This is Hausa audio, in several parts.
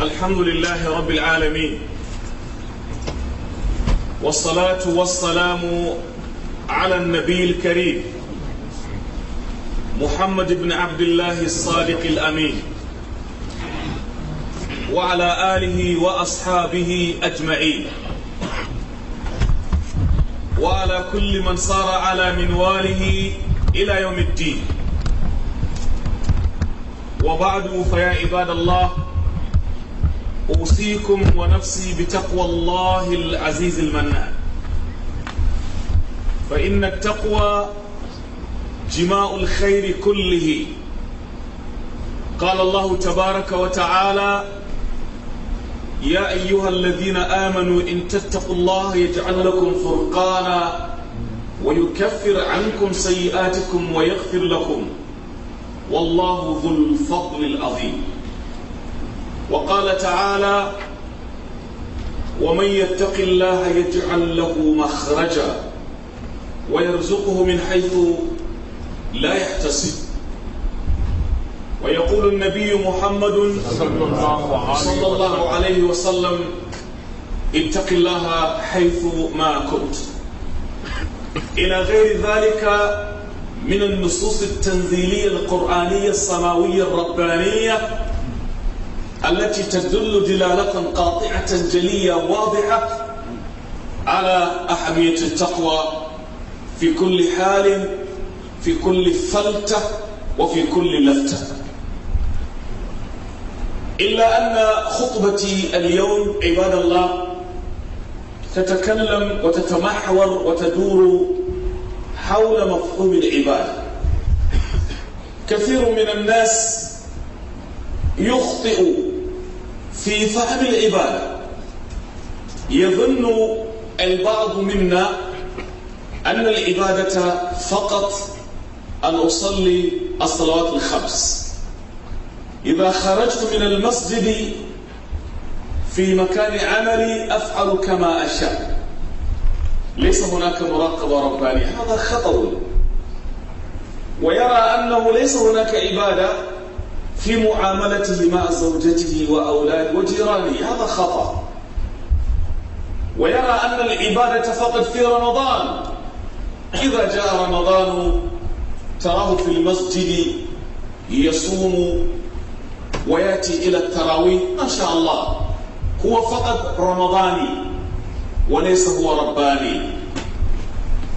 الحمد لله رب العالمين والصلاة والسلام على النبي الكريم محمد بن عبد الله الصادق الأمين وعلى آله وأصحابه أجمعين وعلى كل من صار على منواله إلى يوم الدين وبعد فيا عباد الله أوصيكم ونفسي بتقوى الله العزيز المنان فإن التقوى جماء الخير كله قال الله تبارك وتعالى يا أيها الذين آمنوا إن تتقوا الله يجعل لكم فرقانا ويكفر عنكم سيئاتكم ويغفر لكم والله ذو الفضل العظيم وقال تعالى ومن يتق الله يجعل له مخرجا ويرزقه من حيث لا يحتسب ويقول النبي محمد صلى الله عليه وسلم اتق الله حيث ما كنت إلى غير ذلك من النصوص التنزيلية القرآنية السماوية الربانية التي تدل دلالة قاطعة جلية واضحة على أهمية التقوى في كل حال في كل فلتة وفي كل لفتة إلا أن خطبتي اليوم عباد الله تتكلم وتتمحور وتدور حول مفهوم العبادة كثير من الناس يخطئ في فهم العبادة يظن البعض منا أن العبادة فقط أن أصلي الصلوات الخمس إذا خرجت من المسجد في مكان عملي أفعل كما أشاء ليس هناك مراقبة ربانية هذا خطر ويرى أنه ليس هناك عبادة في معاملته مع زوجته وأولاده وجيرانه هذا خطأ ويرى أن العبادة فقط في رمضان إذا جاء رمضان تراه في المسجد يصوم ويأتي إلى التراويح ما شاء الله هو فقط رمضاني وليس هو رباني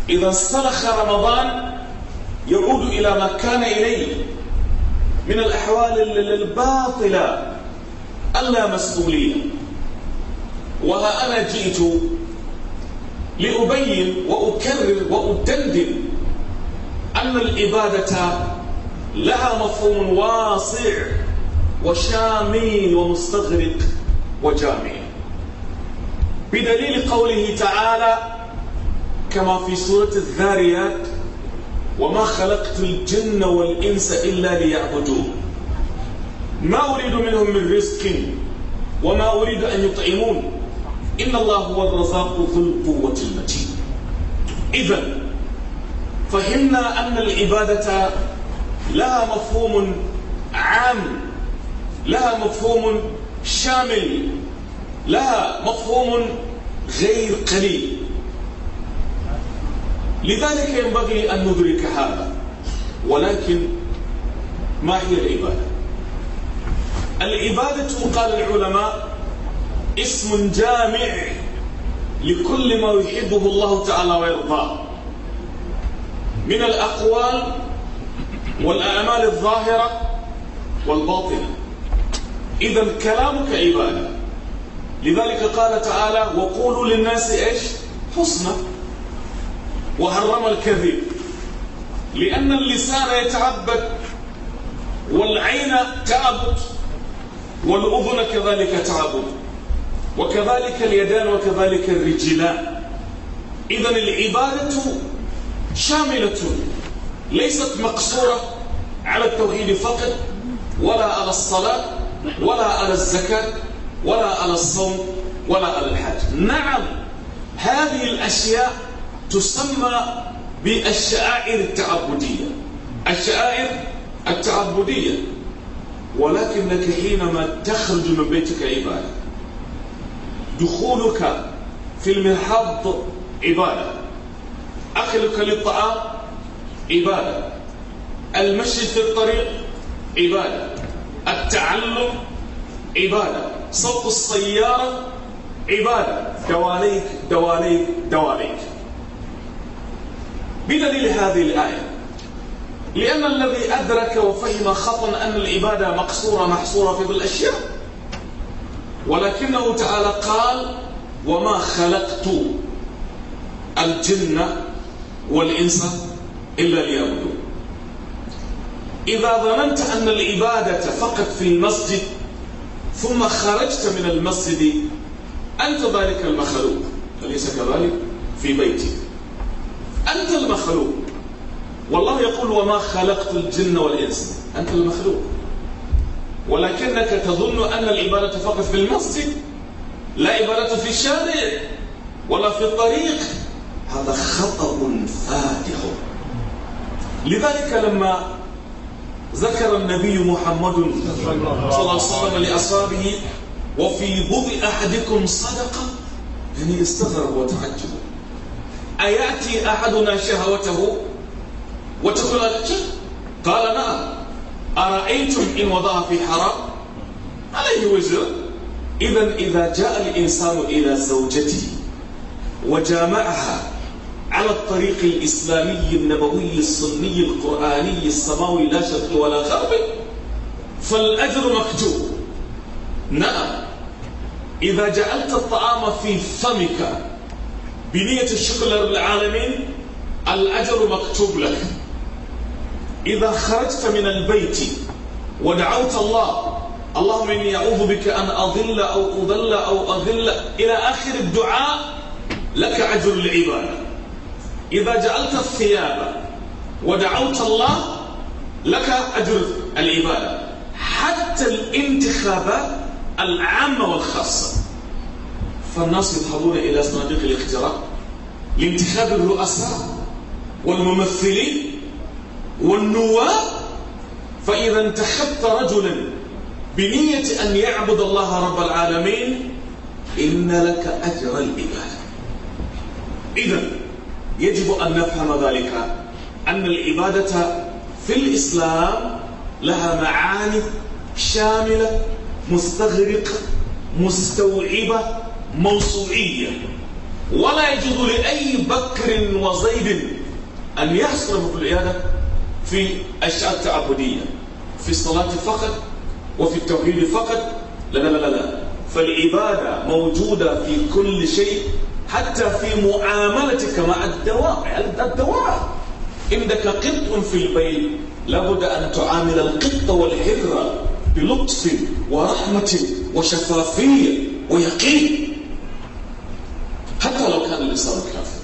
إذا انسلخ رمضان يعود إلى ما كان إليه من الأحوال الباطلة اللا مسؤولية وها أنا جئت لأبين وأكرر وأدندن أن الإبادة لها مفهوم واسع وشامل ومستغرق وجامع بدليل قوله تعالى كما في سورة الذاريات وما خلقت الجن والإنس إلا ليعبدون ما أريد منهم من رزق وما أريد أن يطعمون إن الله هو الرزاق ذو القوة المتين إذا فهمنا أن العبادة لها مفهوم عام لها مفهوم شامل لها مفهوم غير قليل لذلك ينبغي أن ندرك هذا ولكن ما هي العبادة العبادة قال العلماء اسم جامع لكل ما يحبه الله تعالى ويرضاه من الأقوال والأعمال الظاهرة والباطنة إذا كلامك عبادة لذلك قال تعالى وقولوا للناس إيش حسنى وحرم الكذب لأن اللسان يتعبد والعين تعبد والأذن كذلك تعبد وكذلك اليدان وكذلك الرجلان إذا العبادة شاملة ليست مقصورة على التوحيد فقط ولا على الصلاة ولا على الزكاة ولا على الصوم ولا على الحج نعم هذه الأشياء تسمى بالشعائر التعبدية الشعائر التعبدية ولكنك حينما تخرج من بيتك عبادة دخولك في المرحاض عبادة أكلك للطعام عبادة المشي في الطريق عبادة التعلم عبادة صوت السيارة عبادة دواليك دواليك دواليك بدليل هذه الآية لأن الذي أدرك وفهم خطأ أن العبادة مقصورة محصورة في الأشياء ولكنه تعالى قال وما خلقت الجن والإنس إلا ليعبدون إذا ظننت أن العبادة فقط في المسجد ثم خرجت من المسجد أنت ذلك المخلوق أليس كذلك في بيتك أنت المخلوق والله يقول وما خلقت الجن والإنس أنت المخلوق ولكنك تظن أن العبادة فقط في المسجد لا عبادة في الشارع ولا في الطريق هذا خطأ فادح لذلك لما ذكر النبي محمد صلى الله عليه وسلم لأصحابه وفي بضع أحدكم صدقة يعني استغرب وتعجب أيأتي أحدنا شهوته وتدخل قال نعم أرأيتم إن وضع في حرام عليه وزر إذا إذا جاء الإنسان إلى زوجته وجامعها على الطريق الإسلامي النبوي السني القرآني السماوي لا شرق ولا غرب فالأجر مكتوب نعم إذا جعلت الطعام في فمك بنية الشكر لرب العالمين الأجر مكتوب لك إذا خرجت من البيت ودعوت الله اللهم إني أعوذ بك أن أضل أو أضل أو أضل إلى آخر الدعاء لك أجر العبادة إذا جعلت الثياب ودعوت الله لك أجر العبادة حتى الانتخابات العامة والخاصة فالناس يذهبون إلى صناديق الاقتراع لانتخاب الرؤساء والممثلين والنواب فإذا انتخبت رجلا بنية أن يعبد الله رب العالمين إن لك أجر العبادة إذا يجب أن نفهم ذلك أن العبادة في الإسلام لها معاني شاملة مستغرقة مستوعبة موسوعية ولا يجوز لأي بكر وزيد أن يصرف في العيادة في أشياء التعبدية في الصلاة فقط وفي التوحيد فقط لا لا لا لا فالعبادة موجودة في كل شيء حتى في معاملتك مع الدواء الدواء عندك قط في البيت لابد أن تعامل القط والحرة بلطف ورحمة وشفافية ويقين بصدر كافر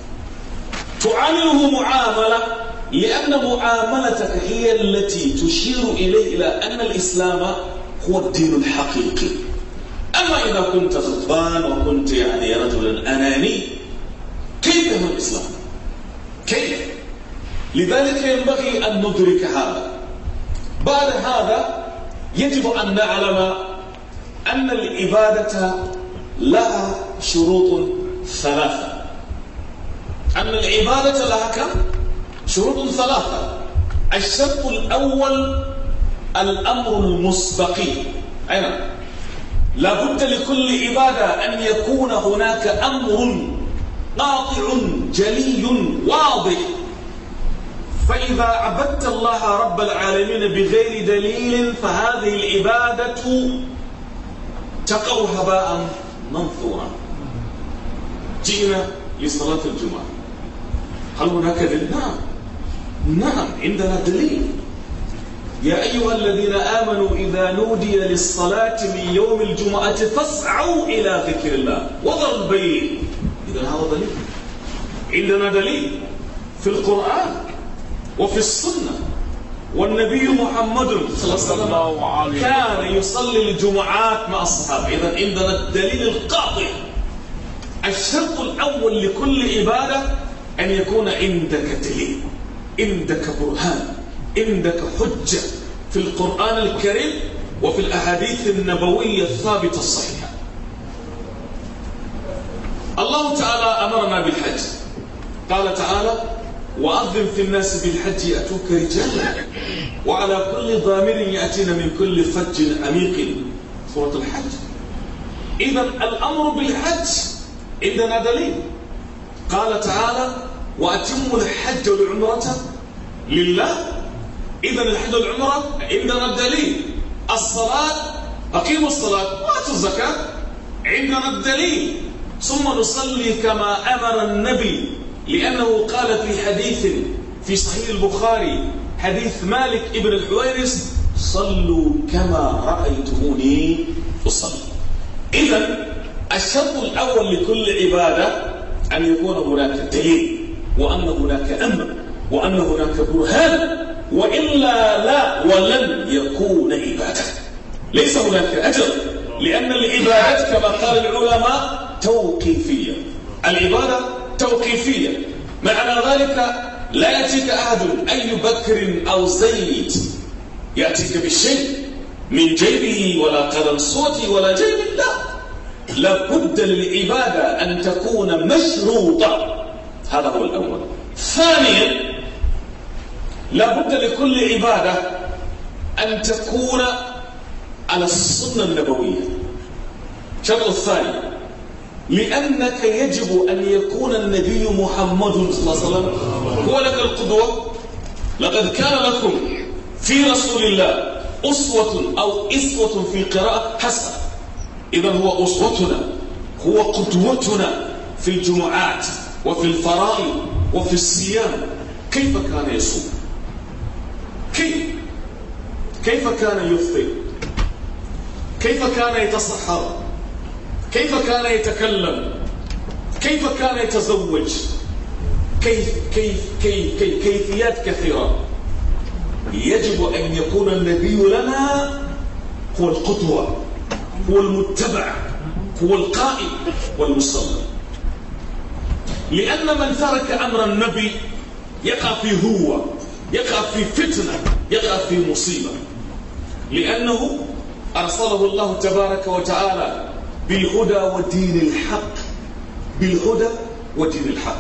تعامله معاملة لأن معاملتك هي التي تشير إليه إلى أن الإسلام هو الدين الحقيقي أما إذا كنت غضبان وكنت يعني رجلا أناني كيف هو الإسلام؟ كيف؟ لذلك ينبغي أن ندرك هذا بعد هذا يجب أن نعلم أن العبادة لها شروط ثلاثة أن العبادة لها كم؟ شروط ثلاثة الشرط الأول الأمر المسبقي أين؟ لابد لكل عبادة أن يكون هناك أمر قاطع جلي واضح فإذا عبدت الله رب العالمين بغير دليل فهذه العبادة تقع هباء منثورا جئنا لصلاة الجمعة هل هناك دليل؟ نعم نعم عندنا دليل يا أيها الذين آمنوا إذا نودي للصلاة من يوم الجمعة فاسعوا إلى ذكر الله وذروا بين إذا هذا دليل عندنا دليل في القرآن وفي السنة والنبي محمد صلى الله عليه وسلم كان يصلي الجمعات مع الصحابة إذا عندنا الدليل القاطع الشرط الأول لكل عبادة أن يكون عندك دليل عندك برهان عندك حجة في القرآن الكريم وفي الأحاديث النبوية الثابتة الصحيحة الله تعالى أمرنا بالحج قال تعالى وأذن في الناس بالحج يأتوك رجالا وعلى كل ضامر يأتين من كل فج عميق سورة الحج إذا الأمر بالحج عندنا دليل قال تعالى واتم الحج والعمرة لله إذا الحج والعمرة عندنا الدليل الصلاة أقيموا الصلاة وآتوا الزكاة عندنا الدليل ثم نصلي كما أمر النبي لأنه قال في حديث في صحيح البخاري حديث مالك ابن الحويرس صلوا كما رأيتموني أصلي إذا الشرط الأول لكل عبادة أن يكون هناك دليل وأن هناك أمر وأن هناك برهان وإلا لا ولن يكون عبادة ليس هناك أجر لأن العبادات كما قال العلماء توقيفية العبادة توقيفية معنى ذلك لا يأتيك أحد أي بكر أو زيد يأتيك بالشيء من جيبه ولا قلم صوتي ولا جيب لا لابد للعبادة أن تكون مشروطة هذا هو الأول ثانيا لابد لكل عبادة أن تكون على السنة النبوية الشرط الثاني لأنك يجب أن يكون النبي محمد صلى الله عليه وسلم هو لك القدوة لقد كان لكم في رسول الله أسوة أو إسوة في قراءة حسن إذا هو أسوتنا هو قدوتنا في الجمعات وفي الفرائض وفي الصيام كيف كان يصوم كيف كيف كان يفطر كيف كان يتصحر كيف كان يتكلم كيف كان يتزوج كيف كيف كيف, كيف كيفيات كثيرة يجب أن يكون النبي لنا هو القدوة هو المتبع هو القائد والمصلي لأن من ترك أمر النبي يقع في هو يقع في فتنة يقع في مصيبة لأنه أرسله الله تبارك وتعالى بالهدى ودين الحق بالهدى ودين الحق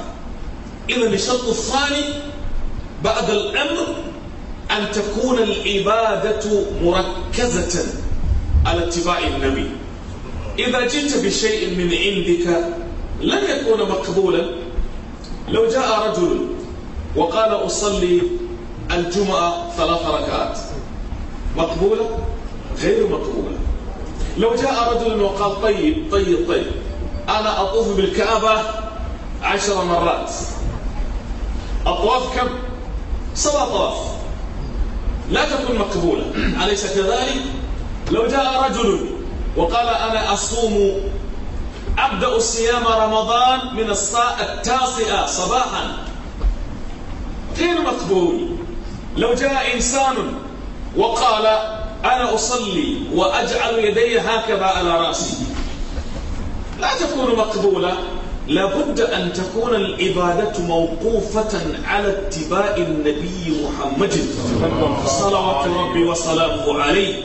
إذا الشرط الثاني بعد الأمر أن تكون العبادة مركزة على اتباع النبي إذا جئت بشيء من عندك لن يكون مقبولا لو جاء رجل وقال أصلي الجمعة ثلاث ركعات مقبولة غير مقبولة لو جاء رجل وقال طيب طيب طيب أنا أطوف بالكعبة عشر مرات أطواف كم؟ سبع طواف لا تكون مقبولة أليس كذلك؟ لو جاء رجل وقال أنا أصوم أبدأ صيام رمضان من الساعة التاسعة صباحا غير مقبول لو جاء إنسان وقال أنا أصلي وأجعل يدي هكذا على رأسي لا تكون مقبولة لابد أن تكون العبادة موقوفة على اتباع النبي محمد صلوات ربي وسلامه عليه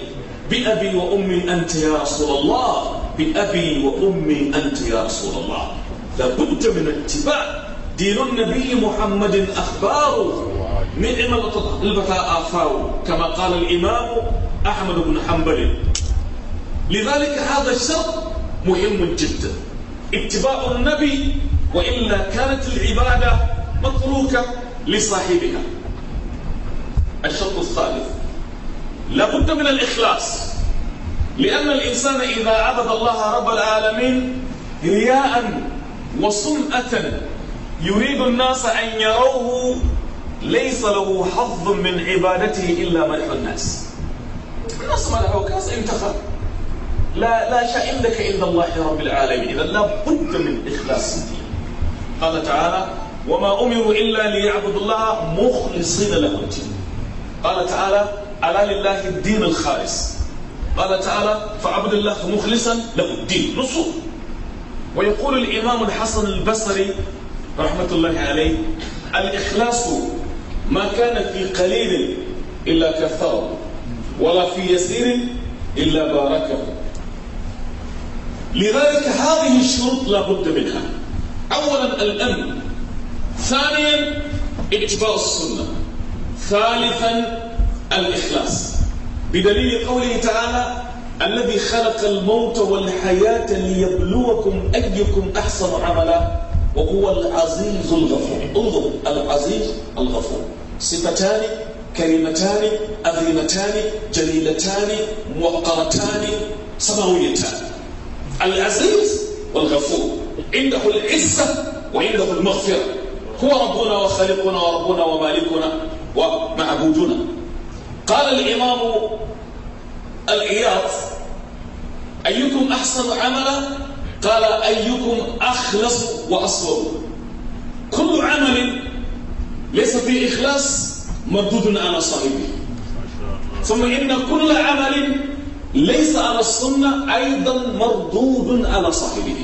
بأبي وأمي أنت يا رسول الله بأبي وأمي أنت يا رسول الله لابد من اتباع دين النبي محمد من نعم البتاء آثاره كما قال الإمام أحمد بن حنبل لذلك هذا الشرط مهم جدا اتباع النبي وإلا كانت العبادة متروكة لصاحبها الشرط الثالث لابد من الإخلاص لأن الإنسان إذا عبد الله رب العالمين رياء وصمأة يريد الناس أن يروه ليس له حظ من عبادته إلا ملح الناس الناس ملحوك الناس انتخب لا لا شيء عندك إلا الله رب العالمين إذا لا بد من إخلاص الدين قال تعالى وما أمروا إلا ليعبدوا الله مخلصين له الدين قال تعالى ألا لله الدين الخالص قال تعالى فعبد الله مخلصا له الدين نصه ويقول الإمام الحسن البصري رحمة الله عليه الإخلاص ما كان في قليل إلا كثره ولا في يسير إلا باركه لذلك هذه الشروط لا بد منها أولا الأمن ثانيا اتباع السنة ثالثا الإخلاص بدليل قوله تعالى الذي خلق الموت والحياة ليبلوكم أيكم أحسن عملا وهو العزيز الغفور انظر العزيز الغفور صفتان كلمتان عظيمتان جليلتان موقرتان سماويتان العزيز والغفور عنده العزة وعنده المغفرة هو ربنا وخالقنا وربنا ومالكنا ومعبودنا قال الإمام الإياض أيكم أحسن عملا قال أيكم أخلص وأصبر كل عمل ليس فيه إخلاص مردود على صاحبه ثم إن كل عمل ليس على السنة أيضا مردود على صاحبه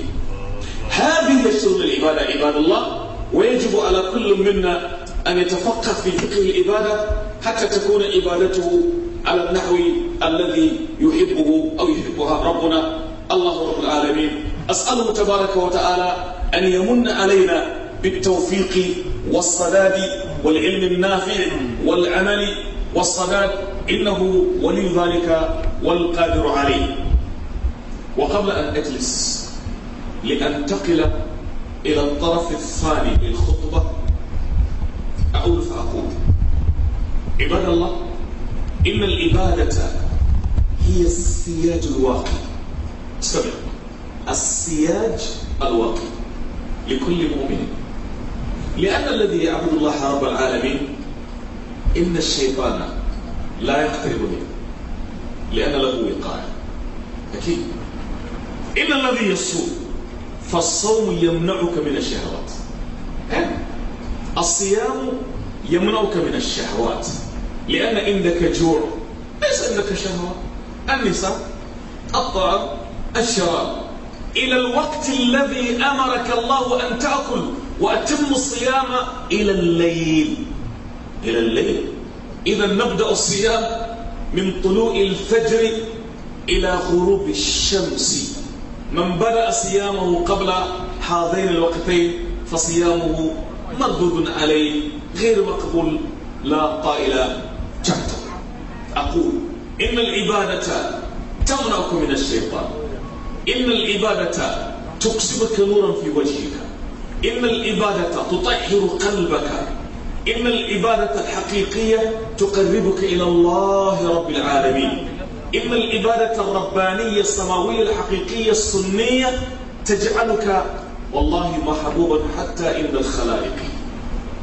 هذه هي شروط العبادة عباد الله ويجب على كل منا أن يتفقه في فقه العبادة حتى تكون عبادته على النحو الذي يحبه أو يحبها ربنا الله رب العالمين أسأله تبارك وتعالى أن يمن علينا بالتوفيق والصداد والعلم النافع والعمل والصداد إنه ولي ذلك والقادر عليه وقبل أن أجلس لأنتقل إلى الطرف الثاني للخطبة أقول فأقول عباد الله إن الإبادة هي السياج الواقي سبع السياج الواقي لكل مؤمن لأن الذي يعبد الله رب العالمين إن الشيطان لا يقترب منه لأن له وقاية أكيد إن الذي يصوم فالصوم يمنعك من الشهوات الصيام يمنعك من الشهوات لأن عندك جوع ليس عندك شهوة النساء الطعام الشراب إلى الوقت الذي أمرك الله أن تأكل وأتم الصيام إلى الليل إلى الليل إذا نبدأ الصيام من طلوع الفجر إلى غروب الشمس من بدأ صيامه قبل هذين الوقتين فصيامه مردود عليه غير مقبول لا قائل جد أقول إن العبادة تمنعك من الشيطان إن العبادة تكسبك نورا في وجهك إن العبادة تطهر قلبك إن العبادة الحقيقية تقربك إلى الله رب العالمين إن العبادة الربانية السماوية الحقيقية السنية تجعلك والله محبوبا حتى عند الخلائق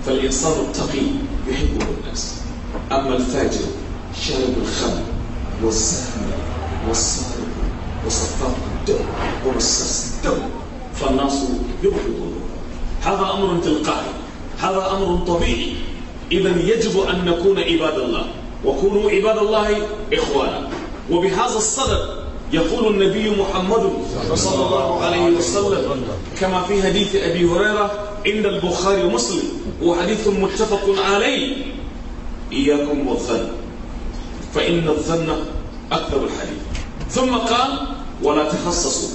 فالإنسان التقي يحبه الناس أما الفاجر شارب الخمر والسهم والسارق وصفاق الدم ومصاص الدم فالناس يبغضونه هذا أمر تلقائي هذا أمر طبيعي إذا يجب أن نكون عباد الله وكونوا عباد الله إخوانا وبهذا الصدد يقول النبي محمد صلى الله عليه وسلم كما في حديث أبي هريرة عند البخاري ومسلم وحديث متفق عليه إياكم والظن فإن الظن أكثر الحديث ثم قال ولا تخصصوا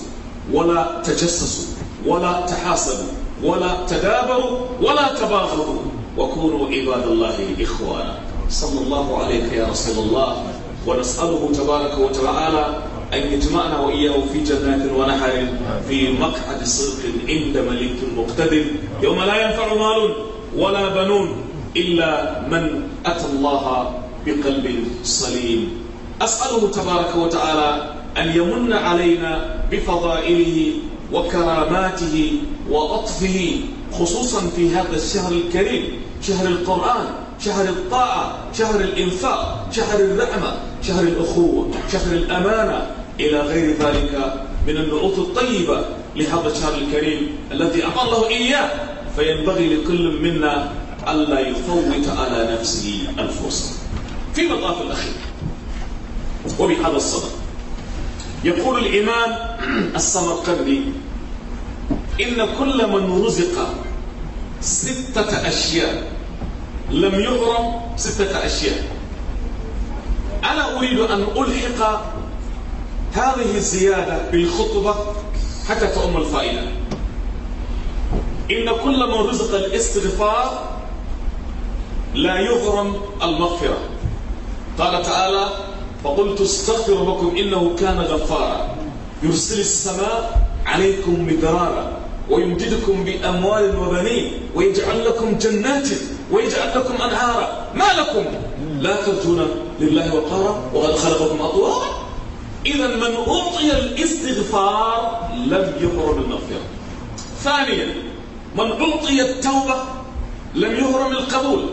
ولا تجسسوا ولا تحاسبوا ولا تدابروا ولا تباغضوا وكونوا عباد الله إخوانا صلى الله عليك يا رسول الله ونسأله تبارك وتعالى أن يجمعنا وإياه في جنات ونحر في مقعد صدق عند ملك مقتدر يوم لا ينفع مال ولا بنون إلا من أتى الله بقلب سليم أسأله تبارك وتعالى أن يمن علينا بفضائله وكراماته وأطفه خصوصا في هذا الشهر الكريم شهر القرآن شهر الطاعة شهر الإنفاق شهر الرحمة شهر الأخوة شهر الأمانة إلى غير ذلك من النعوت الطيبة لهذا الشهر الكريم الذي أعطى الله إياه فينبغي لكل منا ألا يفوت على نفسه الفرصة في مطاف الأخير وبهذا الصدد يقول الإمام السمرقندي إن كل من رزق ستة أشياء لم يغرم ستة أشياء أنا أريد أن ألحق هذه الزيادة بالخطبة حتى تؤم الفائدة إن كل من رزق الاستغفار لا يغرم المغفرة قال تعالى فقلت استغفر ربكم إنه كان غفارا يرسل السماء عليكم مدرارا ويمددكم بأموال وبنين ويجعل لكم جنات ويجعل لكم أنهارا ما لكم لا ترجون لله وقارا وقد خلقكم أطوارا إذا من أعطي الاستغفار لم يهرم المغفرة ثانيا من أعطي التوبة لم يهرم القبول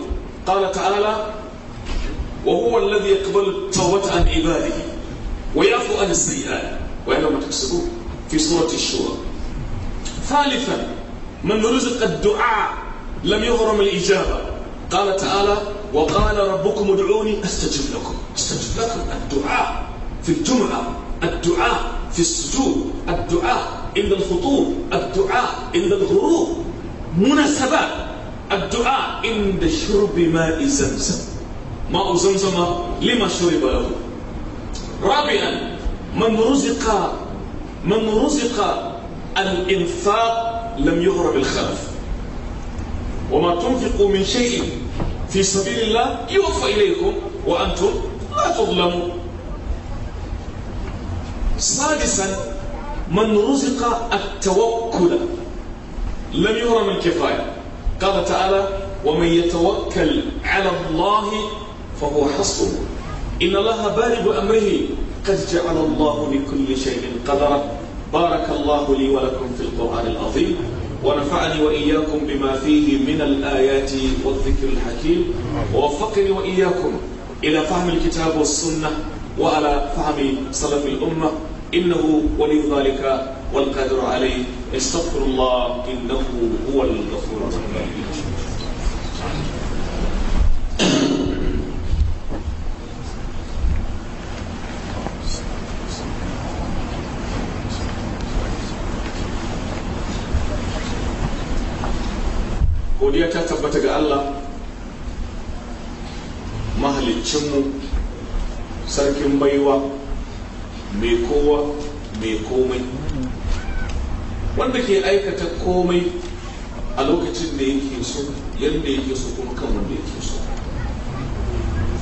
قال تعالى وهو الذي يقبل التوبة عن عباده ويعفو عن السيئات وإلا ما تكسبون في سورة الشورى ثالثا من رزق الدعاء لم يغرم الإجابة قال تعالى وقال ربكم ادعوني أستجب لكم أستجب لكم الدعاء في الجمعة الدعاء في السجود الدعاء عند الخطوب الدعاء عند الغروب مناسبات الدعاء عند شرب ماء زمزم ماء زمزم لما شرب له رابعا من رزق من رزق الإنفاق لم يهرب الخلف وما تنفقوا من شيء في سبيل الله يوفى إليكم وأنتم لا تظلموا سادسا من رزق التوكل لم يهرم الكفاية قال تعالى ومن يتوكل على الله فهو حصره إن الله بارب أمره قد جعل الله لكل شيء قدرا بارك الله لي ولكم في القرآن العظيم ونفعني وإياكم بما فيه من الآيات والذكر الحكيم ووفقني وإياكم إلى فهم الكتاب والسنة وعلى فهم سلف الأمة إنه ولي ذلك والقادر عليه استغفر الله إنه هو الغفور الرحيم godiya ta tabbata ga Allah mahalicinmu sarkin baiwa mai kowa mai komai wanda ke aikata komai a lokacin da yake so yadda yake so kuma kan wanda yake so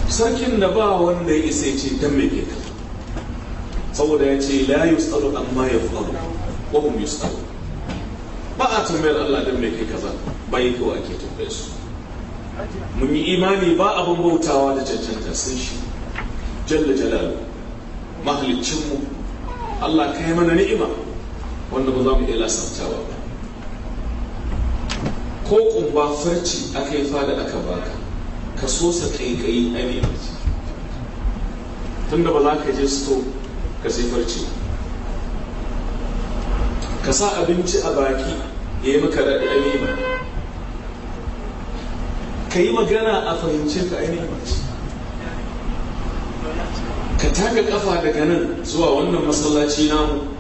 sarkin da ba wanda ya isa ce don mai keta saboda ya ce la yusalu amma yafalu wa hum tsaro. ba a tambayar Allah dan me kai kaza bai kawai ake tambaye su mun yi imani ba abin bautawa da cancanta sun shi jalla jalalu mu Allah kai mana ni'ima wanda ba za mu iya lasantawa ba ko kumba farci aka yi fada aka baka ka so sa kai kai a ne tunda ba za ka je sto ka sai farci ka sa abinci a baki ya yi maka raɗaɗi ma ka yi magana a fahimci ka ainihin mace ka taka kafa daga nan zuwa wannan masallaci namu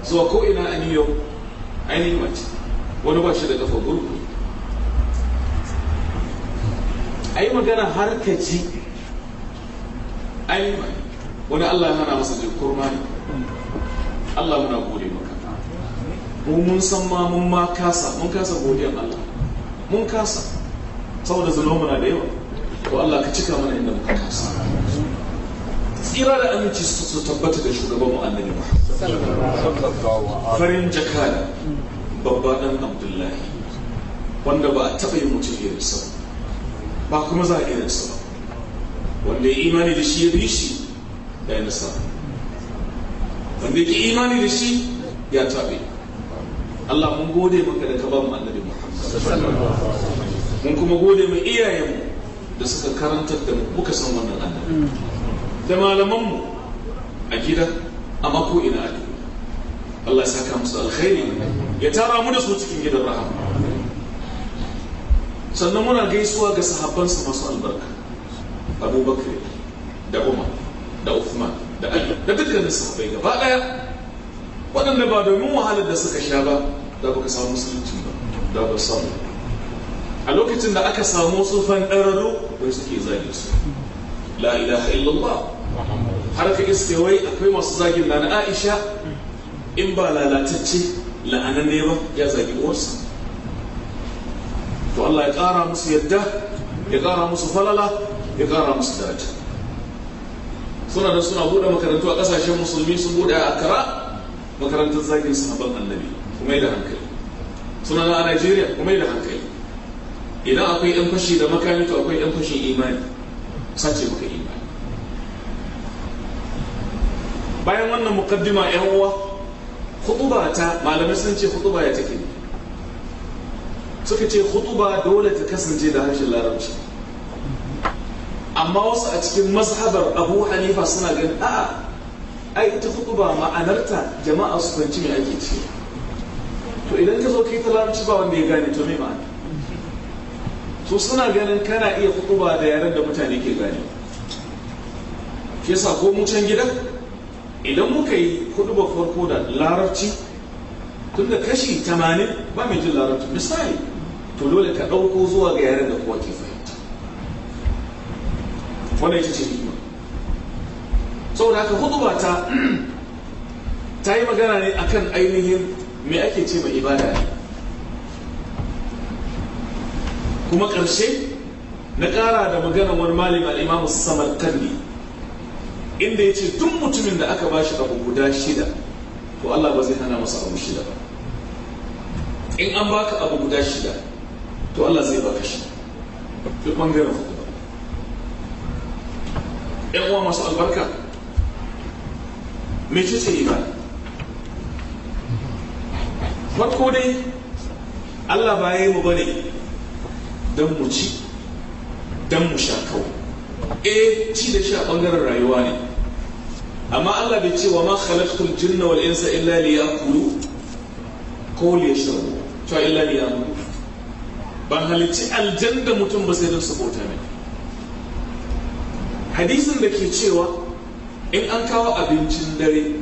zuwa ko'ina a new york ainihin mace wani ba shi da kafa gurgu a yi magana har ka ji ainihin wani allah hana masa jikurma ne allah muna gode mu mun san ma mun ma kasa mun kasa godiyan Allah mun kasa saboda zaloma na da yawa to Allah ka cika mana inda muka kasa tsira da aminci su tabbata da shugaban mu annabi farin jakada babba dan abdullahi wanda ba a taɓa yin mutum sa ba kuma za a sa ba wanda ya imani da shi ya bi shi ya yi nasara wanda ya ki imani da shi ya taɓe Allah mun gode maka da ka ba mu annabi mun kuma gode mu iyayenmu da suka karantar da muka san wannan annabi da malamanmu a gida a mako ina a Allah ya saka musu alkhairi ya tara mu da su cikin gidan rahama sannan muna gaisuwa ga sahabbansa masu albarka abubakar da umar da uthman da ali da dukkanin sahabbai gaba daya waɗanda ba domin wahalar da suka sha ba da ka samu musulunci ba da ba samu a lokacin da aka samu su fanɗararru wai suke zage su la ilaha illallah har ka iske wai akwai masu zagin na na aisha in ba lalatacce la'ananne ba ya zagi uwarsa to Allah ya ƙara musu yadda ya ƙara musu falala ya ƙara musu data suna da suna buɗe makarantu a ƙasashen musulmi sun buɗe a akara makarantar zagin sahabban annabi mai da hankali suna na a najeriya kuma mai da hankali idan akwai yan fashi da makami to akwai yan fashin imani sace maka imani bayan wannan mukaddima yan uwa khutuba ta malamai sun ce khutuba ya take suka ce khutuba dole ta kasance da harshen larabci amma wasu a cikin mazhabar abu hanifa suna ganin a'a ai ita khutuba ma'anarta jama'a su fahimci me ake cewa to idan ka zo kai ta larabci ba wanda ya gane to mai ma'ana To suna ganin kana iya kutuba da yaren da mutane ke gane ke sa ko mu can gida idan muka yi kutuba farko da larabci tunda kashi 80 ba mai jin larabci misali to dole ka ɗauko zuwa ga yaren da kowa ke fahimta wannan ita ce hikima saboda haka hutuba ta ta yi magana ne akan ainihin me ake ce mai ibada ne kuma ƙarshe na ƙara da maganar wani malin al'imamu samarkandi inda ya ce tun mutumin da aka ba shi abu guda shida to Allah ba zai hana masa abu shida ba in an baka abu guda shida to Allah zai baka shi duk ɓangaren hudu ‘yan uwa masu albarka mece ce ibada farko dai allah ba ya yi mu bane don mu ci don mu sha kawai eh ci da sha bangaren rayuwa ne amma allah bai ce wa ma khalaqtul jinna wal insa illa liyakulu ko liyashrabu to illa liyakulu ban halicci aljan da mutum ba sai don su bauta ne hadisin da ke cewa in an kawo abincin dare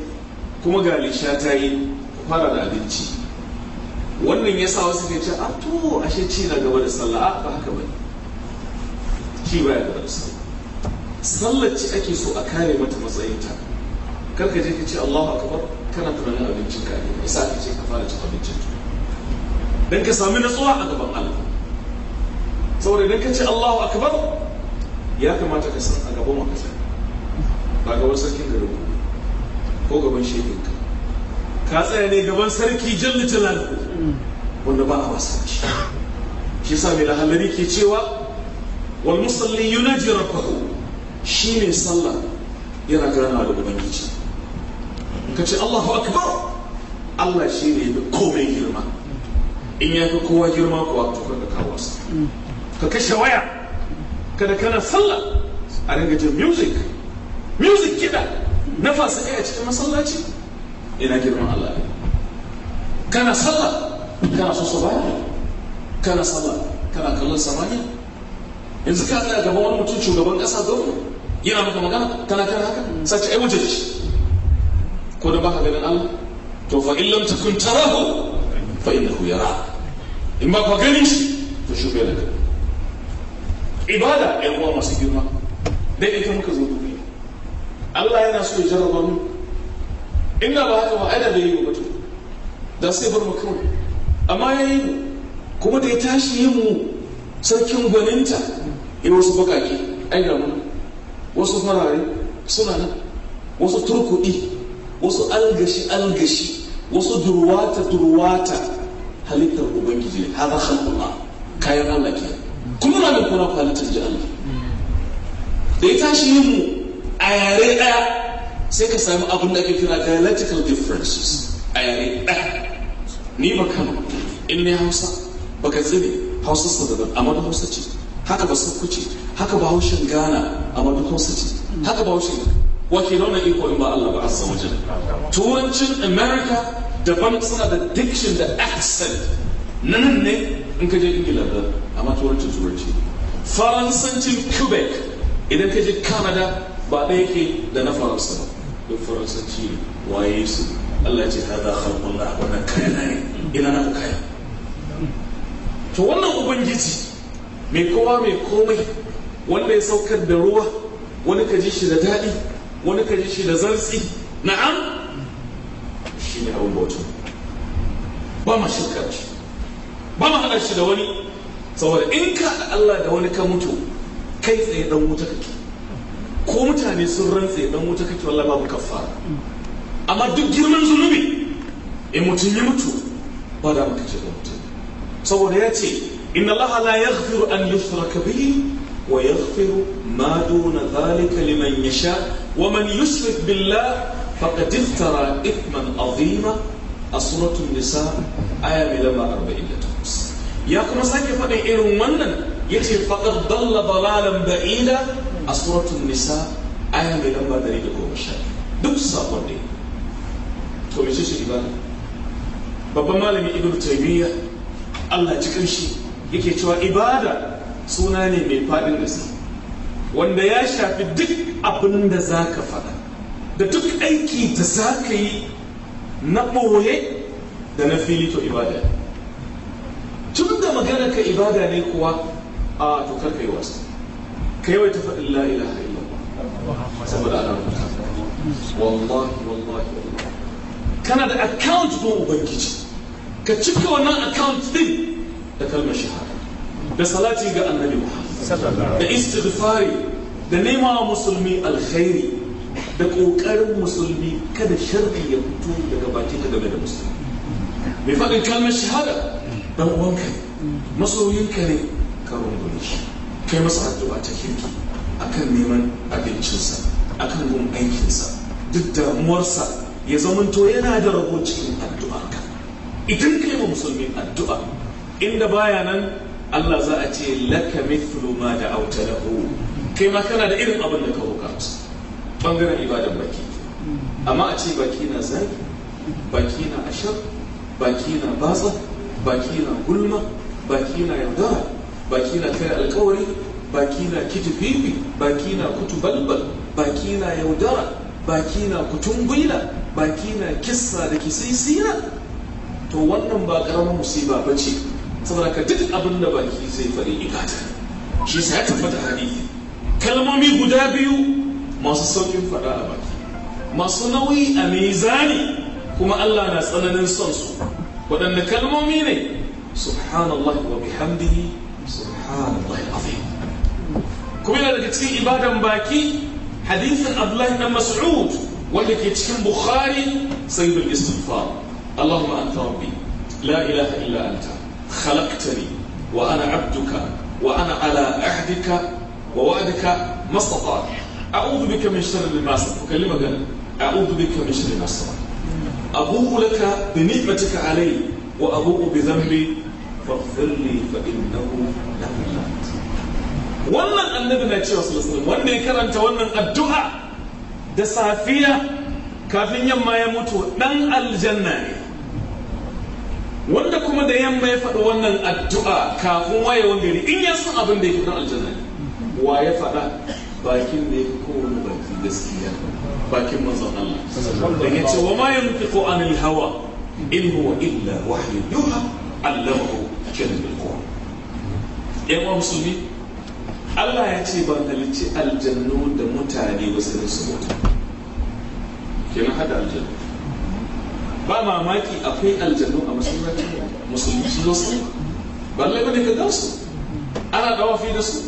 kuma ga lishata ta yi fara da abinci wannan ya sa wasu ke ce a ah, to ashe ci na gaba da sallah ah, ba haka bane ci baya gaba da sallah ci ake so a kare mata matsayinta kar ka je ka ce Allahu akbar kana tunanin abincin ka ne yasa ka ce ka fara cin abincin dan ka sami natsuwa a gaban Allah saboda idan ka ce Allahu akbar ya kamata ka san a gaban wa ba gaban sarkin garin ko gaban ka. ka tsaya ne gaban sarki jalla jalal wanda ba a masa sarki shi sa mai lahallari ke cewa wal musalli yunaji rabbahu shi ne sallah yana gana da ubangiji ka ce Allahu akbar Allah shi ne da komai girma in ya fi kowa girma kuwa to ka kawo sa ka kashe waya kada kana sallah a dinga jin music music kiɗa na fasa a cikin masallaci ina girman Allah ne kana sallah kana so su baya kana sallah kana kallon samaniya yanzu ka tsaya gaban wani mutum shugaban ƙasa gwamna yana maka magana kana kan haka sace ai wuce ko da baka ganin Allah to fa in lam takun tarahu fa innahu yara in ba ka gani shi to shube da ibada ɗan uwa masu girma dai ita muka zo duniya Allah yana so ya jarraba mu ina ba haka ba aida bai yi wa to da sai bar mu kawai amma ya yi kuma da ya tashi yi mu sarkin gwaninta ya wasu bakaki ai da mu wasu farare suna nan wasu turkuɗi wasu algashi algashi wasu durwata durwata halittar ubangiji ne haɗa halƙullah kayan allah ke kuma na da kuna halittar ji allah da ya tashi yin mu a yare ɗaya sai ka sami abin da ake kira dialectical differences a yare ni ba kano in ne hausa ba ka tsine hausa sa daban amma da hausa ce haka ba sakku ce haka ba haushin gana amma da hausa ce haka ba haushin wa ke nuna iko in ba Allah ba azza wajen turancin america daban suna da diction da accent na nan ne in ka je ingila da amma turancin turanci faransancin quebec idan ka je canada ba ɗaya ke da na faransa ba duk faransanci waye su Allah ce hada khalqullah wannan kayana ne ina na kai to wannan ubangiji mai kowa mai komai wanda ya saukar da ruwa wani ka ji shi da dadi, wani ka ji shi da zartsi na'am shi ne abin bautu ba ma shirka shi ba ma halarci shi da wani saboda in ka Allah da wani ka mutu kai tsaye dan wuta kake ko mutane sun rantse dan wuta kake wallahi babu kafara amma duk girman zunubi in mutum ya mutu ba da maka ce da mutum saboda ya ce inna Allah la yaghfiru an yushraka bihi wa yaghfiru ma duna dhalika liman yasha wa man yushrik billah faqad iftara ithman azima a suratul nisa aya mai lamba 48 ya kuma sake faɗin irin wannan yace faqad dalla dalalan ba'ida a suratun nisa aya mai lamba dari da goma sha duk sakon ne to mece ce ibada babban malami ibn taymiya Allah ci kanshi yake cewa ibada suna ne mai fadin gaske wanda ya shafi duk abin da za ka faɗa da duk aiki da za ka yi na ɓoye da na fili to ibada tun da magana ka ibada ne kuwa a to kai yi wasu كيف يتفق لا إله إلا الله سبب الألم والله والله كان هذا أكاونت بوم بنكيج كتشبك وانا أكاونت دي تكلم شهادة بصلاتي قال النبي محمد باستغفاري دنيما مسلمي الخيري دكوكر مسلمي كد شرقي يبتو دكباتي تقبل المسلم بفاق الكلمة الشهادة دموانك مصر يمكنك كرم دونيش kai masa addu'a ta kirki akan neman abincinsa akan gun aikinsa duk damuwarsa ya zamanto yana da rabo cikin addu'arka idan kai ma musulmin addu'a inda baya nan Allah za a ce laka mithlu ma da auta lahu kai ma kana da irin abin da ka roka masa bangaren ibadan baki amma a ce baki na zaki baki na ashar baki na batsa baki na gulma baki na yaudara baki na kai alkawari baki na kitififi baki na kutubalbal baki na yaudara baki na kutungwila baki na kissa da kisisiya. to wannan ba karamar musiba ba ce saboda ka duk abin da baki zai faɗi ikata shi sai ya tabbata hadithi kalmomi guda biyu masu saukin faɗa a baki masu nauyi a mizani kuma Allah na tsananin son su waɗanne kalmomi ne subhanallah wa bihamdihi سبحان الله العظيم كوي لا دكت في عبادة مباكي حديث عبد الله بن مسعود واللي كيتشكل بخاري سيد الاستغفار اللهم انت ربي لا اله الا انت خلقتني وانا عبدك وانا على عهدك ووعدك ما استطعت اعوذ بك من شر ما استطعت كلمه قال اعوذ بك من شر ما استطعت ابوء لك بنعمتك علي وابوء بذنبي faghfir li fa innahu la wannan annabi na cewa sallallahu wanda ya karanta wannan addu'a da safiya kafin yamma ya mutu dan aljanna ne wanda kuma da yamma ya faɗi wannan addu'a kafin wayewan gari in ya san abin da yake dan aljanna ne wa ya faɗa bakin da yake kowane baki gaskiya bakin manzon Allah da ya ce wa ma yanfiqu anil hawa in huwa illa wahyu yuha allamahu kiran bilkuwa yan wa musulmi allah ya ce ban halicci aljannu da mutane ba su da su bauta kenan hada aljannu ba mamaki akwai aljannu a masallacin musulmi su zo su ba lai ne ka su. ana dawafi da su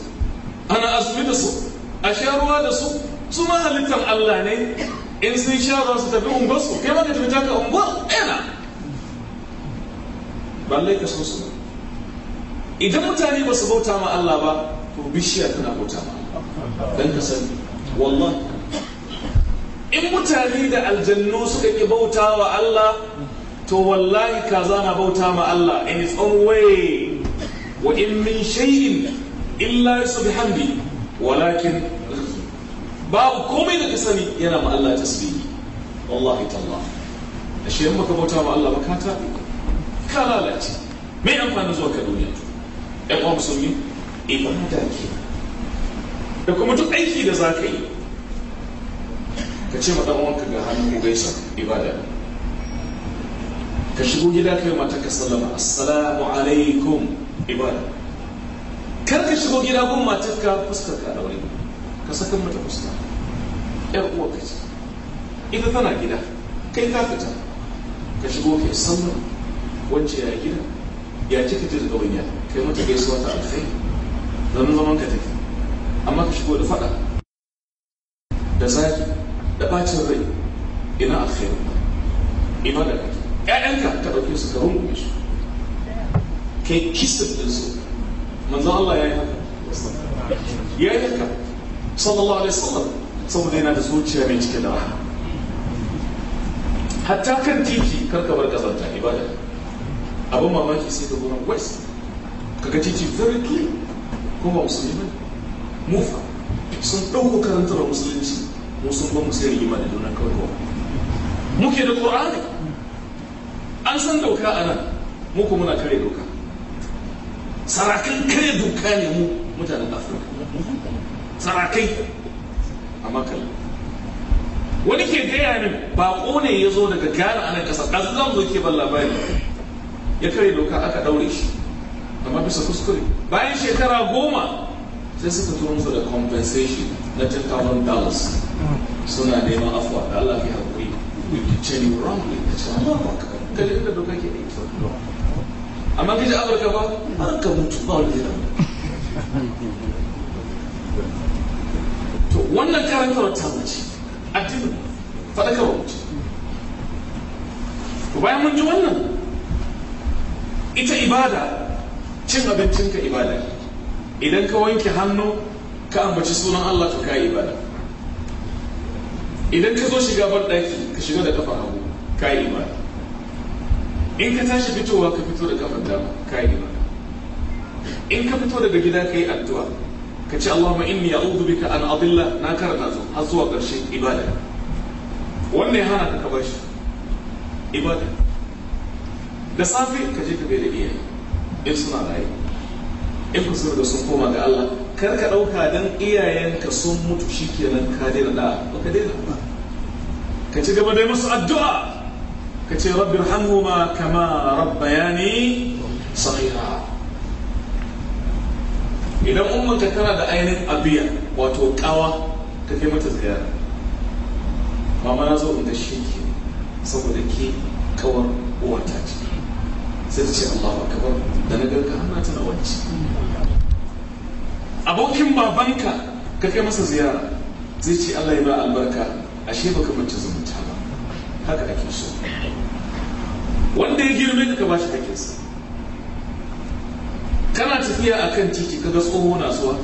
ana azumi da su a sha ruwa da su su ma halittar allah ne in sun sha ruwa su tafi su. kai ma ka tafi taka unguwar ɗaya na ba lai ka so su ba idan mutane ba su bauta ma Allah ba to bishiya tana bauta ma dan ka sani wallahi in mutane da aljannu suka ki bauta wa Allah to wallahi kaza na bauta ma Allah in its own way wa in min shay'in illa subhamdi walakin babu komai da ka sani yana ma Allah tasbihi wallahi tallah ashe in baka bauta ma Allah ba ka tabi ka lalace me amfani zuwa ka duniya to yan uwa musulmi ibada ke da kuma duk aiki da za ka yi ka ce maɗan wanka ga hannu mu gaisa ibada ka shigo gida kai mata ka sallama assalamu alaikum ibada kar ka shigo gida gun ka fuskar ka wani ka saka mata fuska yar uwa ka ce ita tana gida kai ka fita ka shigo kai sallama wacce ya gida ya ka ji da ɗauniya kai mata gaisuwa ta alkhairi zaman zaman ka take amma ka shigo da fada da zaki da bacin rai ina alkhairi ina da kake ƴaƴanka ka ɗauke su ka rungume su kai kisan din su manzon Allah ya yi haka ya yi haka sallallahu alaihi wasallam saboda yana da zuciya mai cike da rahama hatta kan titi karka bar kazanta ibada abin mamaki sai ka gona west kaga titi very clear ko ba musulmi ba mu fa sun ɗauko karantar musulunci mu sun ba musulmi yi rigima da juna kawai mu muke da qur'ani an san doka a nan mu ko muna kare doka sarakai kare doka ne mu mutanen afirka sarakai a makalla wani ke gaya min bako ne ya zo daga gara a nan ƙasa ɗazu zan zo ke ban labari ya kare doka aka ɗaure shi amma bisa kuskure bayan shekara goma sai suka turo musu da compensation na $10,000 suna neman afuwa da Allah ya haƙuri we teach you wrongly ka ce amma ba ka ji inda doka ke aiki amma kaji Amurka ba har ka mutu ba wani zira to wannan karantar ta mace addinin faɗakarwa mace to bayan mun ji wannan ita ibada cin abincinka ibada idan ka wanke hannu ka ambaci sunan Allah ka yi ibada idan ka zo shiga banɗaki ka shiga da kafa hagu ka yi ibada in ka tashi fitowa ka fito da kafar dama ka yi ibada in ka fito daga gida ka yi addu'a ka ce Allahumma inni a'udhu bika an adilla na karanta zo har zuwa ƙarshen ibada wannan ya hana ka ka bashi ibada da safe ka je ka gaida iyaye in suna raye. in sun riga sun koma ga Allah kar ka ɗauka don iyayenka sun mutu shi kenan ka daina da Baka daina ka ci gaba da musu addu'a ka ce rabbin hamhuma kama rabbayani sahiha idan ummanka tana da ainihin abiya wato kawa ta kai mata ziyara mama na zo inda shi ke saboda ke kawar uwata ce sai ta ce Allahu akbar da na garka hana tana wacce abokin babanka ka kai masa ziyara zai ce Allah ya ba albarka ashe baka manta zumunta ba haka ake so wanda ya girme ka ba shi hakinsa kana tafiya a kan titi ka ga tsoho na zuwa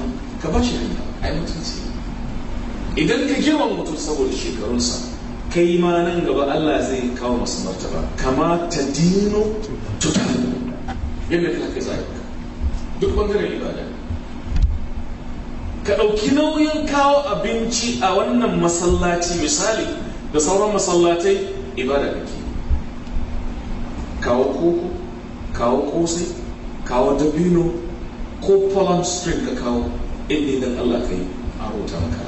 ka ba shi hanya ai mutunci idan ka girma mutum saboda shekarunsa kai ma nan gaba Allah zai kawo masu martaba kama ta dino tuta. yadda ka kai zai duk bangaren ibada ka ɗauki nauyin kawo abinci a wannan masallaci misali da sauran masallatai ibada da ke. kawo koko kawo kosai kawo dabino ko palm string ka kawo inda idan Allah ka yi a rota maka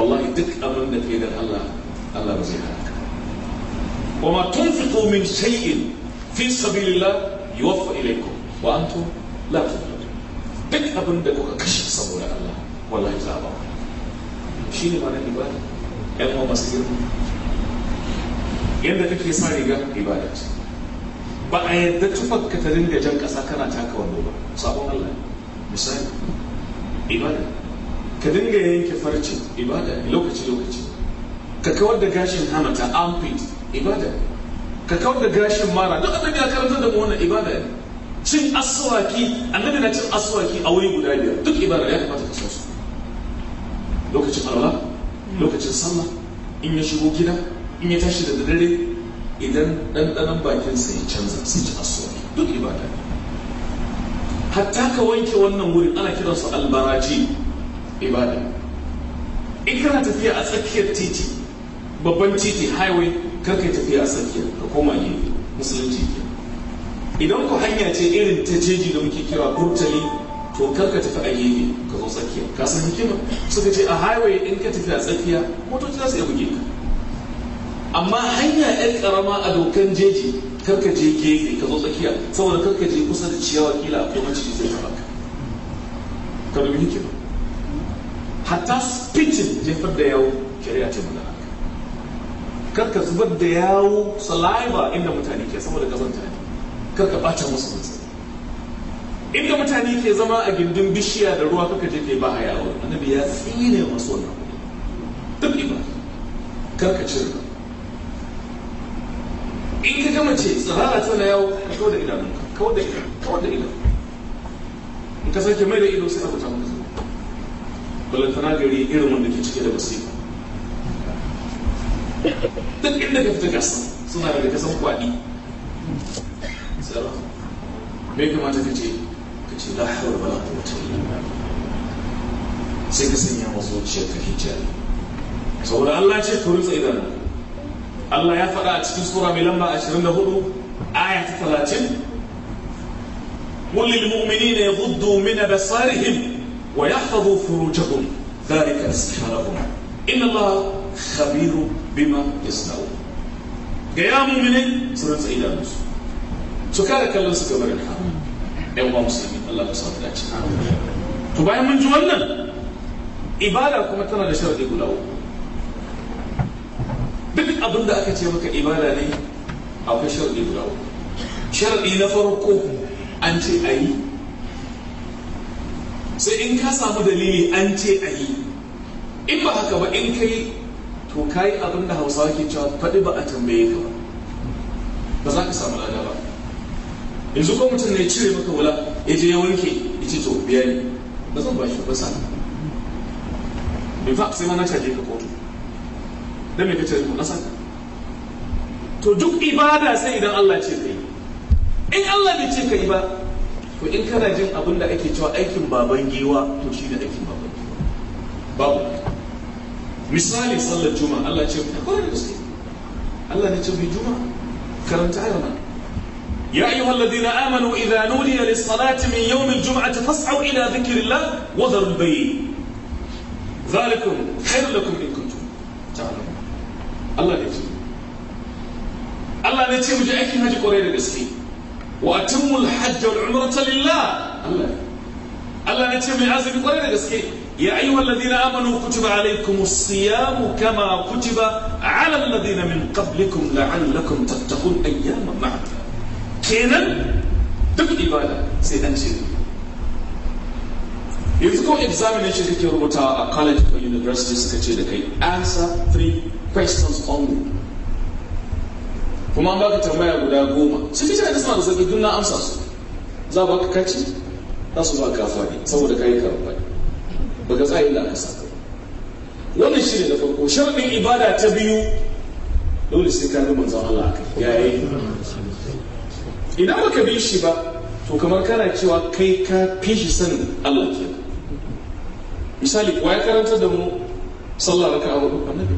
wallahi duk abin da ke da Allah Allah ba zai hana wa ma tunfiqu min shay'in fi sabilillah yuwaffa ilaykum wa antum la tuzlamun duk abin da kuka kashe saboda Allah wallahi za a ba shi ne ma ibada yan uwa masu girma yadda kake sa riga ibada ce ba a yadda tufar ka ta dinga jan ƙasa kana taka wando ba sabon Allah misali ibada ka dinga yanke farcin ibada lokaci lokaci ka kawar da gashin hamata armpit ibada ka kawar da gashin mara duk annabi ya karanta da wannan ibada ne cin aswaki annabi na cin aswaki a wuri guda biyar duk ibada ya kamata ka sosu su lokacin alwala lokacin sallah in ya shigo gida in ya tashi da dare idan ɗanɗanon bakinsa ya canza sai ci aswaki duk ibada ne hatta ka wanke wannan wurin ana kiransu albaraji ibada in kana tafiya a tsakiyar titi babban titi highway kar ka tafi a tsakiya ka koma gefe musulunci ke idan ku hanya ce irin ta jeji da muke kira burtali to kar ka tafi a gefe ka zo tsakiya ka san hikima suka ce a highway in ka tafi a tsakiya motoci za su iya buge ka amma hanya yan karama a dokan jeji karka je gefe ka zo tsakiya saboda karka je kusa da ciyawa kila a kuma ciki zai taba ka ka dubi hikima hatta spitting jefar da yawo kiriya ce magana karka zubar da yawo saliva inda mutane ke saboda kazanta ne karka bacin musu mutu inda mutane ke zama a gindin bishiya da ruwa kaka je ke ba a wa annabi ya tsine masu wannan duk ima karka cire in ka gama ce tsirara tana yawo ka kawo da idanunka kawo da ido kawo da ido in ka sake mai da ido sai abu ta mutu balantana gari irin wanda ke cike da basira duk inda ka fita kasa suna da kasan kwaɗi me kamata ka ce ka ce la hawar wala quwwata illa billah sai ka sanya wa zuciyar ka hijabi saboda Allah ce ku rutsa idan Allah ya faɗa a cikin sura mai lamba 24 aya ta 30 قل للمؤمنين يغضوا من أبصارهم ويحفظوا فروجهم ذلك أزكى لهم إن الله خبير bima yasna'u ga ya mu'minin su rantsa idanunsu su kada kallon su gabarin haram yan uwa musulmi Allah ka sauka dace to bayan mun ji wannan ibada kuma tana da sharadi guda uku duk abin da aka ce maka ibada ne akwai sharadi guda uku sharadi na farko an ce a yi sai in ka samu dalili an ce a yi in ba haka ba in kai to ka yi abin da hausawa ke cewa faɗi ba a tambaye ka ba ba za ka samu lada ba yanzu ko mutum ne cire maka wula ya je ya wanke ya ce to biya ne ba zan ba shi ba sana in fa sai ma na caje ka kotu dan me ka ce mu nasa to duk ibada sai idan Allah ce kai in Allah bai ce kai ba to in kana jin abin da ake cewa aikin baban giwa to shi ne aikin baban giwa babu misali صلى الجمعة الله ce mu kore da gaske Allah ne ce mu يا أيها الذين آمنوا إذا نولي للصلاة من يوم الجمعة فاصعوا إلى ذكر الله وذروا البيع ذلكم خير لكم إن كنتم تعلمون الله يجزي الله يجزي مجي أكي هاجي قرير الإسلام وأتموا الحج والعمرة لله الله الله يجزي مجي عزي قرير الإسلام يا أيها الذين آمنوا كتب عليكم الصيام كما كتب على الذين من قبلكم لعلكم تتقون أياما معنا كينا دك إبادة سيدنشي يذكو examination كي يربطا a college or university سكتير كي answer three questions only كما باك تمايا قد أقوم سيكي جاي تسمع لسكي دون أمسا زابك كاتي تسمع كافاني سوو دكاي كافاني baka sa illa ka saka wannan ne na farko sharadin ibada ta biyu dole sai ka ga manzon Allah kai yayi idan baka bi shi ba to kamar kana cewa kai ka fi shi sanin Allah ke misali wa ya karanta da mu sallah raka'a hudu annabi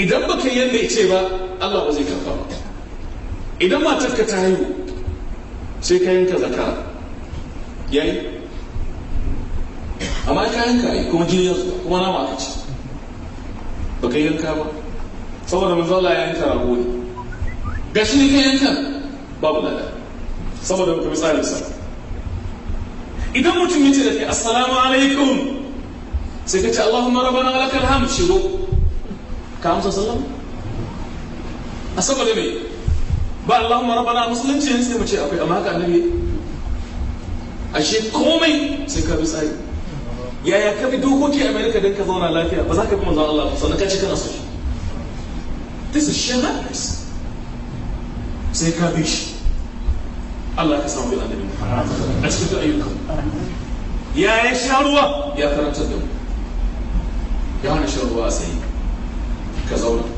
idan baka yi yadda ce ba Allah ba zai karfa ba idan matarka ta haihu sai ka yanka zakara yayi amma ka yanka ai kuma jini ya zuba kuma nama aka ci ba ka yanka ba saboda manzo Allah ya yanka rago ne shi ne yi yanka babu lada saboda ka bi tsarin sa idan mutum ya ce da kai assalamu alaikum sai ka ce Allahumma rabbana lakal hamd shigo ka amsa sallama a saboda me ba Allahumma rabbana musulunci sai mu ce akwai amma ka annabi ashe komai sai ka bi tsari yaya ka bi dokoki america don ka zauna lafiya ba za ka bi manzan Allah sannan ka ce kana so shi this is sheer madness sai ka bi shi Allah ka samu bin a cikin ayyukan ya ya sha ruwa ya karanta da mu ya hana shan ruwa a tsaye ka zauna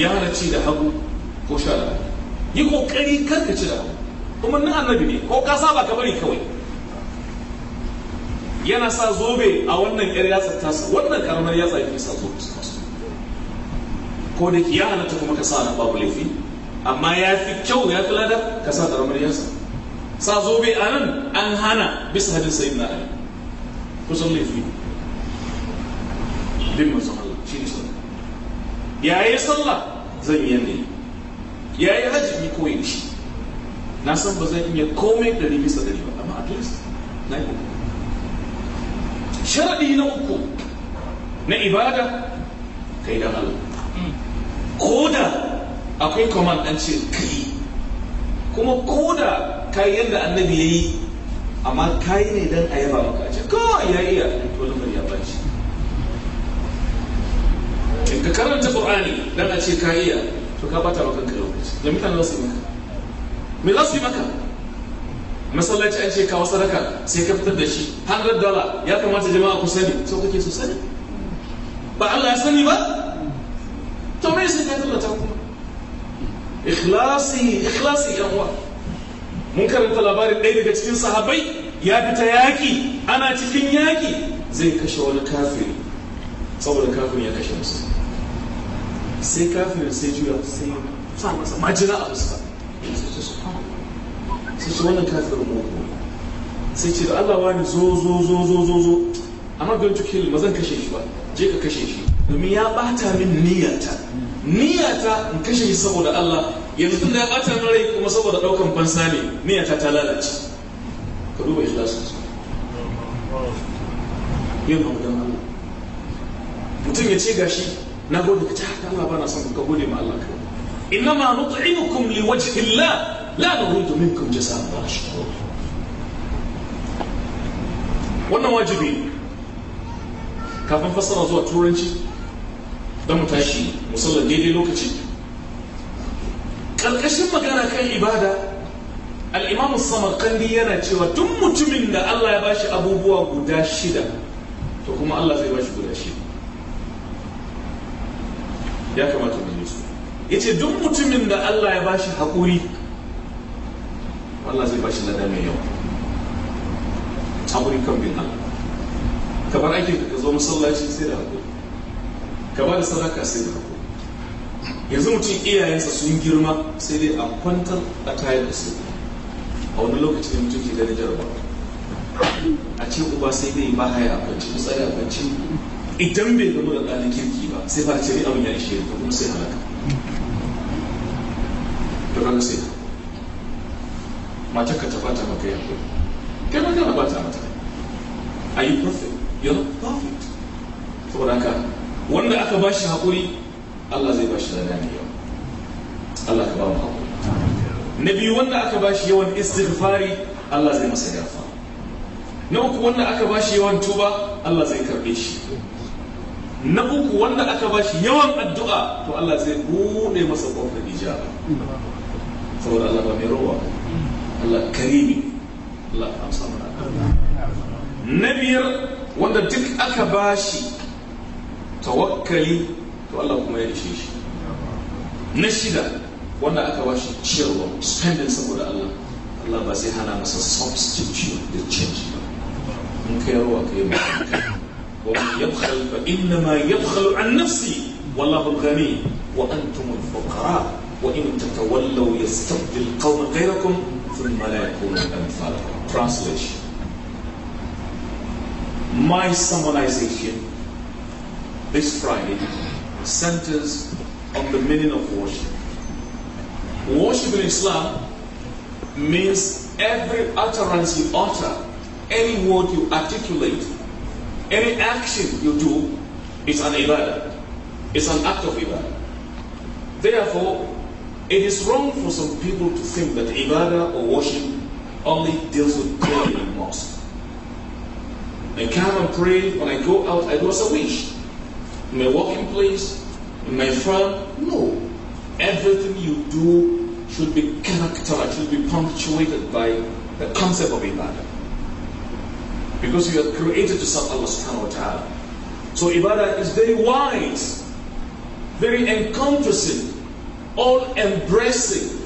ya hana ci da hagu ko sha da yi kokari kar ka ci da hagu kuma na annabi ne ko ka saba ka bari kawai yana sa zobe a wannan ƙar yasa ta tasa wannan karamar yasa yake sa zobe su masu ko da ki ya hana ta kuma ka sa na babu laifi amma ya fi kyau ya fi lada ka sa karamar yasa sa zobe a nan an hana bisa hadin sayin na ali kusan laifi bin masu Allah shi ne sallah ya yi sallah zan yi yanayi ya yi hajji ni koyi shi na san ba zan iya komai dari bisa dari ba amma at least na yi kuma sharaɗi na uku na ibada kai da Allah ko da akwai command kai kuma ko da ka yi yadda annabi ya yi amma ka yi ne don a yaba maka ce kawai ya iya to lamar ya baci in ka karanta qur'ani dan a ce ka iya to ka bata maka lokaci da mutane za su yi maka me za su yi maka masallaci an ce kawo sadaka sai ka fitar da shi 100 dollar ya kamata jama'a ku sani sau kake su sani ba Allah ya sani ba to me sai ka tallata kuma ikhlasi ikhlasi yan uwa mun karanta labarin ɗaya daga cikin sahabai ya fita yaƙi ana cikin yaƙi zai kashe wani kafiri saboda kafin ya kashe musu sai kafin sai juya sai sa masa majina a fuska sai shi wannan kafirin mugu sai ce da Allah wani zo zo zo zo zo zo amma don tuke ma zan kashe shi ba je ka kashe shi domin ya bata min niyyata niyyata in kashe shi saboda Allah yanzu da ya bata min rai kuma saboda daukan fansa ne niyyata ta lalace ka duba ikhlasin su yin abu don Allah mutum ya ce gashi na gode ka ta ah, haka Allah ba na son ka gode ma Allah kawai innama nut'imukum liwajhillah la nuridu minkum jazaa'an wala shukura wannan wajibi kafin fassara zuwa turanci don mu tashi musallar daidai lokaci ƙarƙashin magana kan ibada al'imamu samarkandi yana cewa tun mutumin da allah ya bashi abubuwa guda shida to kuma allah zai bashi guda shida ya mu yi su ya ce duk mutumin da allah ya bashi haƙuri Allah zai bashi lada mai yawa haƙuri kan bin Allah kamar aikin ka zo masallaci sai da haƙuri kamar da sadaka sai da haƙuri yanzu mutum iyayensa sun girma sai dai a kwantar a tayar da su a wani lokaci da mutum ke gani jarabawa a ce uba sai dai ba haya a kwanci kutsari a kwanci idan bai gama da ɗanin kirki ba sai ba a ce ni abin ya ishe kuma sai halaka to kaga sai matar ka ta bata maka yanzu kana kana kana bata mata are you perfect you're not perfect saboda haka wanda aka ba shi haƙuri Allah zai ba shi lada ne yawa Allah ka ba mu haƙuri na biyu wanda aka ba shi yawan istighfari Allah zai masa gafa na uku wanda aka ba shi yawan tuba Allah zai karɓe shi na uku wanda aka ba shi yawan addu'a to Allah zai buɗe masa ƙofar ijaba saboda Allah ba mai rawa amsa mana na biyar wanda duk aka bashi tawakkali to Allah kuma ya rishe shi na shida wanda aka bashi ciyarwa spending saboda Allah Allah ba sai hana masa substitution da change ba in kai rawa ka yi ومن يبخل فإنما يبخل عن نفسه والله الغني وأنتم الفقراء وإن تتولوا يستبدل قوما غيركم Translation My summarization this Friday centers on the meaning of worship. Worship in Islam means every utterance you utter, any word you articulate, any action you do is an ibadah. It's an act of ibadah. Therefore, it is wrong for some people to think that ibadah or worship only deals with prayer in the mosque. I come and pray, when I go out, I do as I wish. In my working place, in my firm, no. Everything you do should be characterized, should be punctuated by the concept of ibadah. Because you are created to serve Allah subhanahu wa ta'ala. So ibadah is very wide, very encompassing all embracing.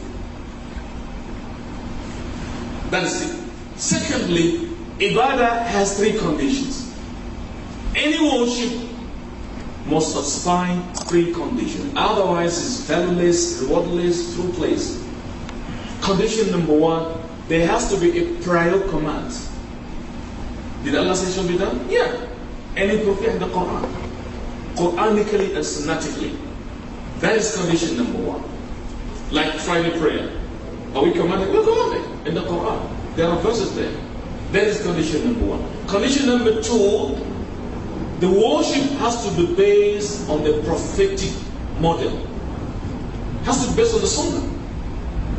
That is it. Secondly, ibadah has three conditions. Any worship must satisfy three conditions. Otherwise, it's valueless, rewardless, fruitless. Condition number one, there has to be a prior command. Did Allah say shall be done? Yeah. Any prophet in the Quran, Quranically and Sunnatically. That is condition number one. Like Friday prayer. Are we commanded? We're commanded in the Quran. There are verses there. That is condition number one. Condition number two, the worship has to be based on the prophetic model. It has to be based on the sunnah.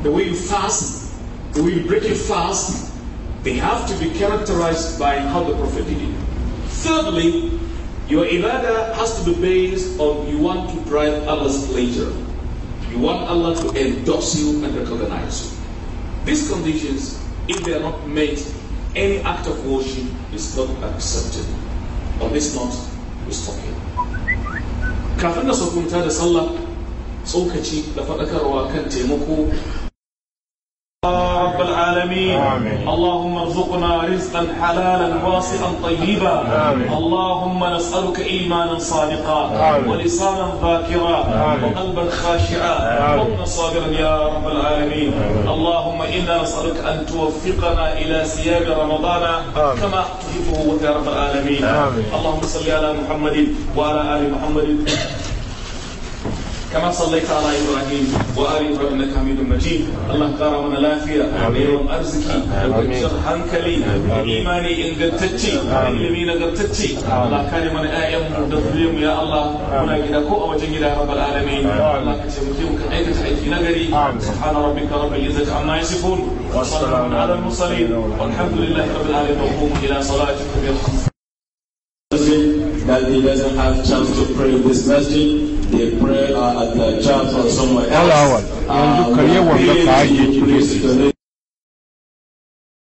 The way you fast, the way you break your fast, they have to be characterized by how the prophet did it. Thirdly, your ibadah has to be based on you want to drive Allah's pleasure. You want Allah to endorse you and recognize you. These conditions, if they are not met, any act of worship is not accepted. On this note, we stop here. Kafin da da sallah tsokaci da faɗakarwa kan taimako العالمين آمين. اللهم ارزقنا رزقا حلالا واسعا طيبا آمين. اللهم نسألك إيمانا صادقا آمين. ولسانا ذاكرا وقلبا خاشعا وقنا صابرا يا رب العالمين آمين. اللهم إنا نسألك أن توفقنا إلى سياق رمضان كما تحبه يا رب العالمين آمين. اللهم صل على محمد وعلى آل محمد كما صليت على ابراهيم وال ابراهيم انك حميد مجيد، اللهم كرمنا لافيا، اليوم ارزقي، اجر حنكلي، ايماني ان قدتشي، علمين قدتشي، الله كرم انا ايه مدف يا الله، هنا كذا كو وجنك يا رب العالمين، الله كتب مكيمك عيك تحيي في نقري، سبحان ربك رب العزه عما يصفون، وصلى على المرسلين، والحمد لله رب العالمين، وقوموا الى صلاتكم يرحمكم الله. he doesn't have chance to pray in this masjid, they pray uh, at the church or somewhere else. Uh, we are